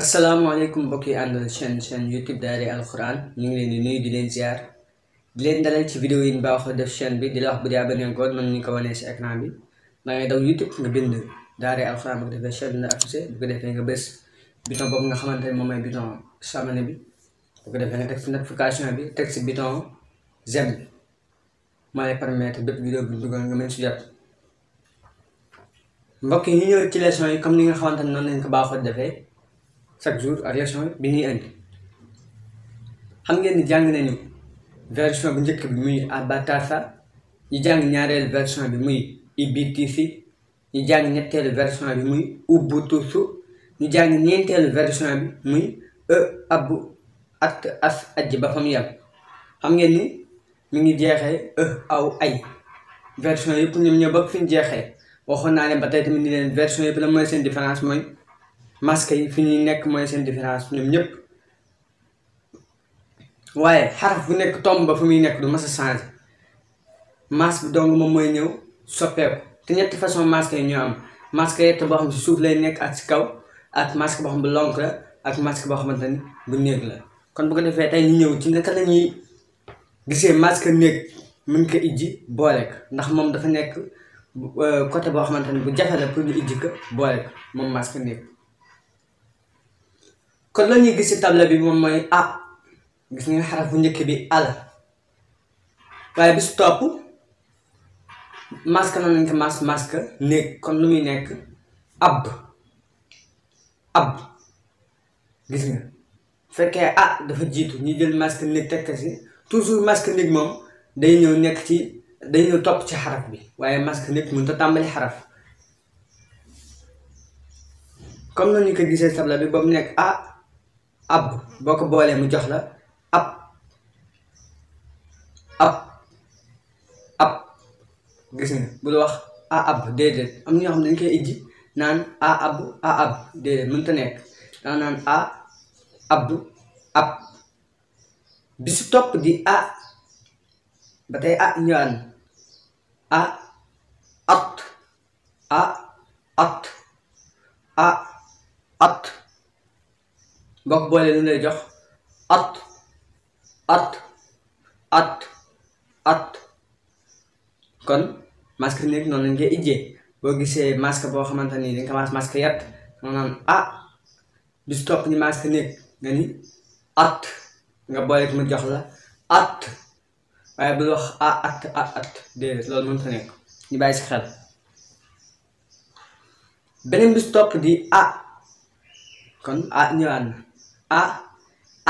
assalamualaikum mbokk yi àndal chen youtube daare alquran ñu ngi leen di nuyu di leen ziar di leen dalal ci video yi ñu baax def chen bi di la wax bu dee abonné nga man ñu ko wone ci écran bi da ngay daw youtube nga bind daare alquran bu def chen na affiché bu ko defee nga bëss biton boobu nga xamantene ne moom mooy biton samane bi bu ko defee nga tek ci notification bi tek ci biton zem ma lay permettre bëpp vidéo bi dugal nga mën ci jot mbokk yi ñu ñëw ci leçon yi comme ni nga xamantene non lañ ko baaxoo defee jour aviation Bini ñuy indi xam ngeen ni jàng nañu version bu njëkk bi muy abatasa ñu jàng ñaareel version bi muy ibtc ñu jàng ñetteelu version bi muy ubuntu ñu jàng ñeenteelu version bi muy e abu at as ajj ba fa mu xam ngeen ni mi ngi jeexee e aw ay version yëpp ñoom ñoo bokk fi ñu jeexee waxoon naa leen ba tey tamit ni leen version yëpp la mooy seen différence mooy masque yi fi ñuy nekk mooy seen différence ñoom ñëpp waaye xaraf bu nekk tomb ba fu muy nekk du mas a changé masque moom mooy ñëw soppeeku te ñetti façon masque yi ñoo am masque yett boo xam suuf lay nekk ak si kaw ak masque boo xam bu lonk ak masque boo xamante ni néeg la kon bu ko defee tey ñëw ci naka la ñuy gisee masque néeg mën ko ijji boole ko ndax moom dafa nekk euh, côté boo xamante ni bu jafe la pour ñu ijji ko boole ko moom masque néeg kon la gis ci tableau bi moom mooy a ah, gis ngeen xaraf bu njëkk bi al waaye bi topp masque na nañ ko mas masque kon lu muy nekk ab ab gis nga fekkee a ah, dafa jiitu ñu jël masque néeg tekk si toujours masque néeg moom day ñëw nekk ci day topp ci xaraf bi waaye masque néeg mënut a tàmbali xaraf comme na ñu ko gisee tableau bi ba mu nekk a ah, ab boko bolé mu jox la ab ab ab gis nga do wax a ab de, am ñu ñoo xam dañ koy indi nan a ab a ab mën ta nek nan nan a ab ab bis top di a batay a ñaan a at a at a at Gok boole nu lay jox at at at at kon masque nekk non lañ koy ijjee boo gisee masque boo xamante ni dañ ko yat non a bis top ni masque nekk nga ni at nga boole mu jox la at waaye bu wax a at a at de lo mënta ya. nekk ni bay ci xel benen bis top di a kon a ñaan a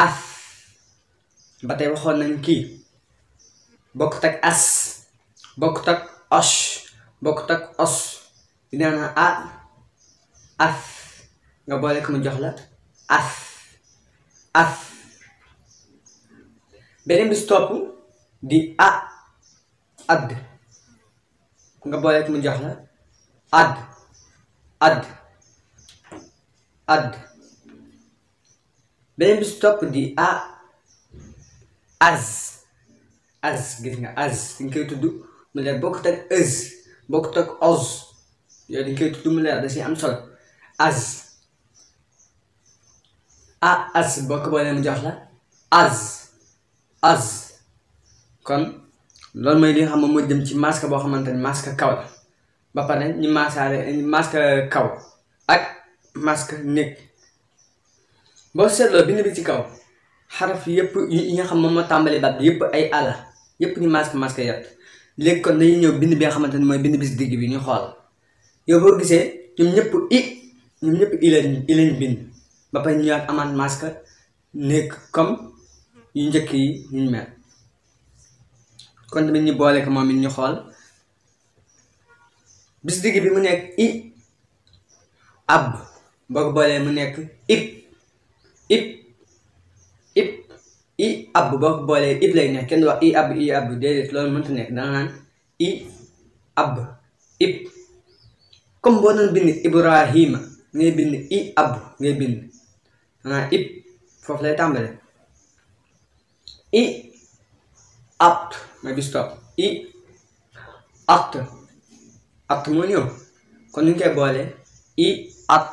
as batay waxoon nañ ki bok tak as boktak tak boktak bok tak os dinaa na a as nga boole ko mu jox la as as benen bi stop hmm? di a ad nga boole ko mu jox la ad ad ad, ad. beneen bi si topp di a az az gis nga az dañ koy tudd mu leer bokkut ak ëz bokkut ak oz yooyu dañ koy tudd mu leer da si am solo az a az bokk boole mu jox la az az kon loolu mooy li nga xam ne moo jëm ci masque boo xamante ni masque kaw la ba pare ñu masque kaw ak masque néeg boo seetloo bind bi ci kaw xaraf yëpp yi nga xam moom moo tàmbali baat bi yëpp ay ala yëpp ñu masque masque yett léegi kon dañuy ñëw bind bi nga xamante ne mooy bind bi si digg bi ñu xool yow boo gisee ñoom ñëpp i ñoom ñëpp i lañ i bind ba pare ñu ñëwaat amaat masque nekk comme yu njëkk yi ñu mel kon tamit ñu boole moom it ñu xool bis digg bi mu nekk i ab boo ko boolee mu nekk ib ib ib i ab boo ko boolee ib lay nekk kenn du i ab i ab déedéet loolu mënta nekk dana naan i ab ib comme boo doon bind ibrahima ngay bind i ab ngay bind xanaa ib foofu lay tàmbale i at may bi i at at moo ñëw kon ñu boole i at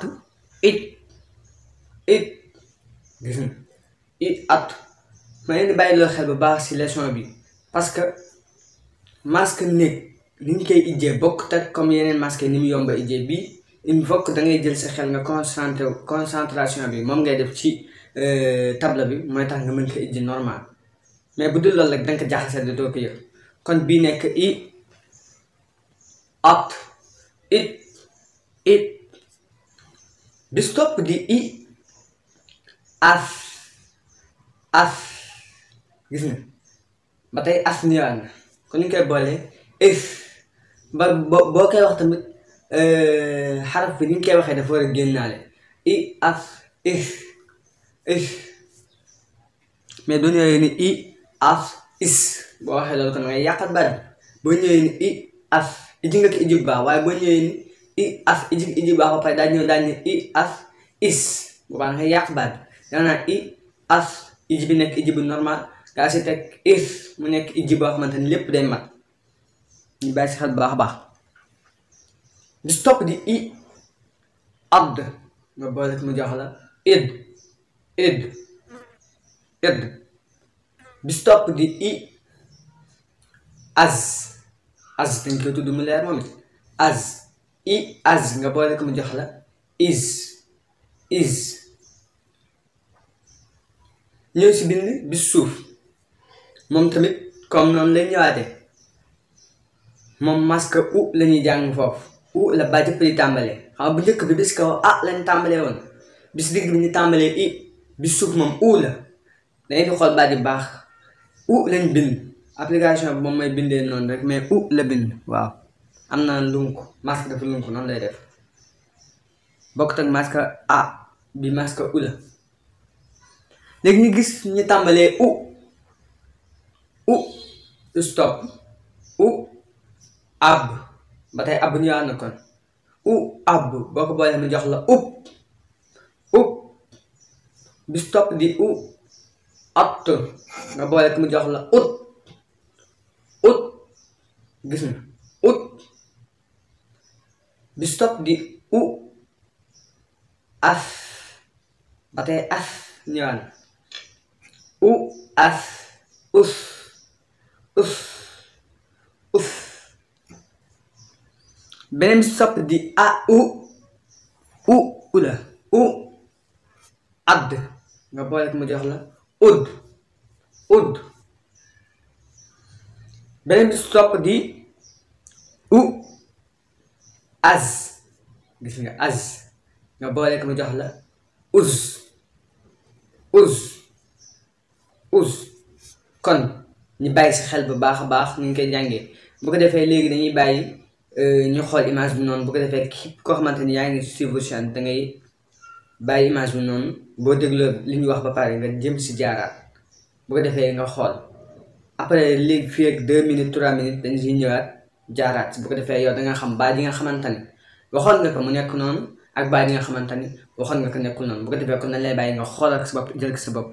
it it gis ma leen di bàyyi loo bu baax si leçon bi parce que masque néeg ni koy ijjee bokk teg comme yeneen masque ni mu yomba ijjee bii il da ngay jël sa xel nga concentré concentration bi moom ngay def ci euh, table bi mooy tax nga mën ko ijji normal mais bu dul loolu rek da nga ko jaaxase di doo ko yëg kon bii nekk i at it it bis topp di i as as gis nga ba tey as ñëwaat na kon ñu koy boole is ba boo koy wax tamit euh, xaraf bi ni ñu koy waxee dafa war a génnaale i as is is mais doo ñëwee ni i as is boo waxee loolu kon ngay yàqat bari boo ñëwee ni i as iji nga ki iji baax waaye boo ñëwee ni i as iji iji baax ba pare daa ñëw daa ñëw i as is boobaa nga yàq baat yana i as ij bi nekk ij normal ka si if is mu nekk ij lip deh ni day mat ñu bàyyi si xel di stop di i abd nga boole mu jox id id id di stop di i as as dañ koy tudd mu leer moom as i as nga boole mu jox is is ñëw si bind bi suuf moom tamit comme noonu lañ ñëwaate moom masque u lañuy jàng foofu u la ba jëpp di tàmbalee xam bu njëkk bi bis lañ tàmbalee bis digg bi ñu tàmbalee i bi suuf moom u la dañuy di xool baat yu baax u lañ bind application bi moom may bindee noonu rek mais u la bind waaw am na lunk masque dafa lunk noonu lay def bokk tak masque a bi masque u la léegi ñu gis ñu tàmbalee u u stop u ab ba ab ñu ànd kon u ab boo ko boolee mu jox la up up bi stop di u at nga boole mu jox la ut ut gis na ut bi stop di u af ba af. af anu. ñëwaat U as, us us us Benim sap de a, u, u, ula, u, ad. não pode me kemudian lá Ud, ud. Benim sap de u, as. Di as não pode me kemudian lá Uz, uz. us kon ñu bàyyi si xel bu baax a baax ñu ngi koy jàngee bu ko defee léegi dañuy bàyyi euh, ñu xool image bi noonu bu ko defee képp koo xamante ni yaa ngi suivre chaîne da ngay bàyyi image bi noonu boo dégloo li ñu wax ba pare nga jëm si jaaraat bu ko defee nga xool après léegi fii ak deux minutes trois minutes dañ siy ñëwaat jaaraat bu ko defee yow da nga xam baat yi nga xamante ni waxoon nga ko mu nekk noonu ak baat yi nga xamante ni waxoon nga ko nekkul noonu bu ko defee kon nañ bàyyi nga xool ak sa bopp jël ko sa bopp.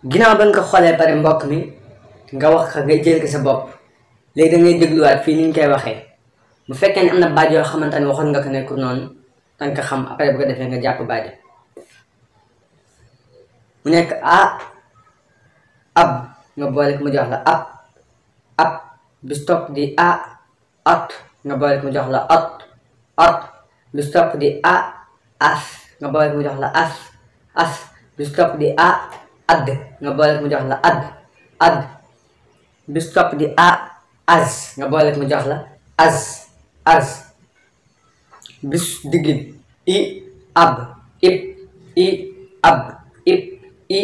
ginaaw ban ko parim pare mbokk mi nga wax ka nga jël ko sa bopp léegi da ngay dégluwaat fii ni ñu koy waxee bu fekkee ne am na baaj yoo xamante ne waxoon nga ko nekkul noonu danga xam après bu ko defee nga jàpp baaj mu nekk a ab nga boole ko mu jox la ab ab bi stop di a at nga boole ko mu jox la at at bi stop di a as nga boole ko mu jox la as as bi stop di a ad nggak boleh mujarlah ad ad bis stop di a az nggak boleh mujarlah az az bis digi i ab ib i ab ib i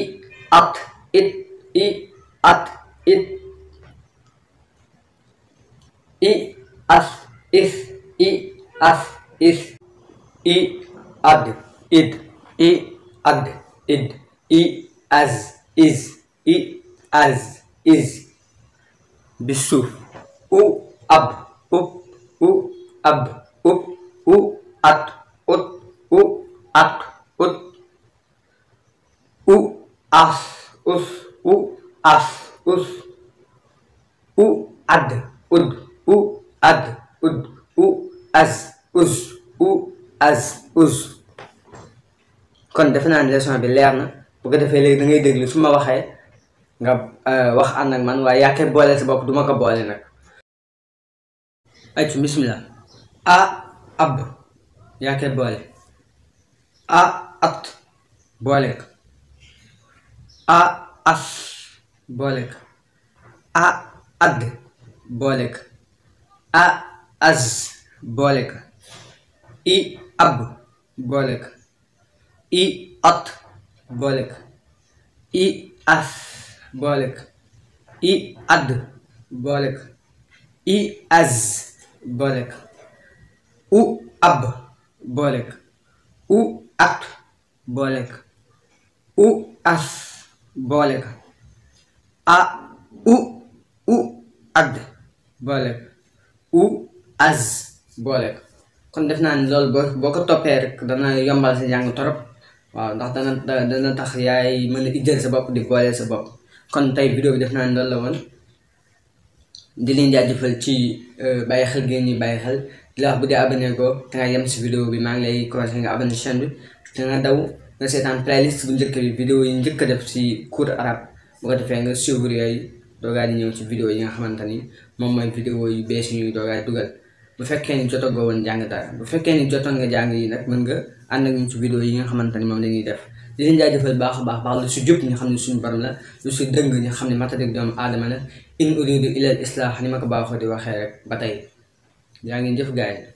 at it i at it i as is i as is i ad id i ad id i as is i as is bisou ou ab, ou ou ab, ou ou at, ou ou at, as us as us u ad ud u ad ud as us as us Quand on définit leçon bi bu ko defee léegi dangay ngay déglu su ma waxee nga euh, wax ànd ak man waaye yaa boole si bopp du ko boole nag. ayca bisimilah. a ab yaa boole. a at boole ko. a as az boole i ab boole i at. Bolek I as Bolek I ad Bolek I az, Bolek U ab Bolek U at Bolek U as Bolek A U U ad Bolek U az, Bolek kon defna lol bo ko topé rek dana yombal sa jang torop waaw ah, ndax dana dana tax yaay mën a ijjal sa bopp di booleel sa bopp kon tey vidéo bi def naa ne la woon di leen jaajëfal ci euh, bàyyi xel ngeen ñuy bàyyi xel di la wax bu dee abonné ko te nga yem si vidéo bi maa ngi lay conseillé nga abonné chaîne bi te nga daw nga seetaan playlist bu njëkk bi vidéo yi njëkk def si cours arabe bu ko defee nga suivre yooyu doogaa di ñëw ci vidéo yi nga xamante ni moom mooy vidéo yu bees yi ñuy doogaa dugal bu fekkee ni jotagoo woon jàng dara bu fekkee ni jotoon nga jàng yi nag mën nga ànd ak ñu ci vidéo yi nga xamante ni moom la ñuy def di leen jaajëfal baax a baax baax lu si jub ñu xam ne suñu borom la lu si dëng ñu xam ne matadik doomu aadama la in uridu ilal islah ni ma ko baaxoo di waxee rek ba tey yaa ngi jëf gaay